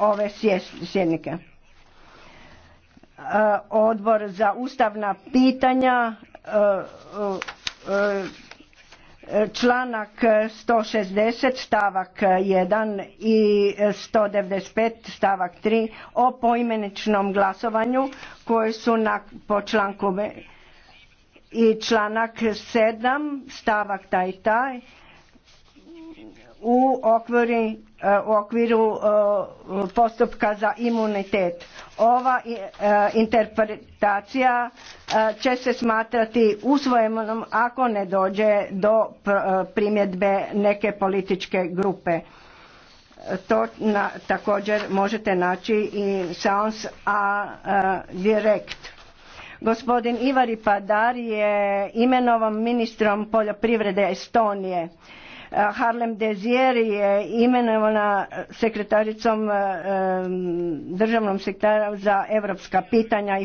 ove sjednike. E, odbor za ustavna pitanja e, e, članak 160 stavak 1 i 195 stavak 3 o poimeničnom glasovanju koji su na, po članku i članak 7 stavak taj taj u u, e, u okviru e, postupka za imunitet. Ova e, interpretacija će se smatrati usvojenom ako ne dođe do primjedbe neke političke grupe. To također možete naći i Sans a direkt. Gospodin Ivari Padar je imenovan ministrom poljoprivrede Estonije Harlem Dezier je imenovana sekretaricom, eh, državnom sektora za evropska pitanja i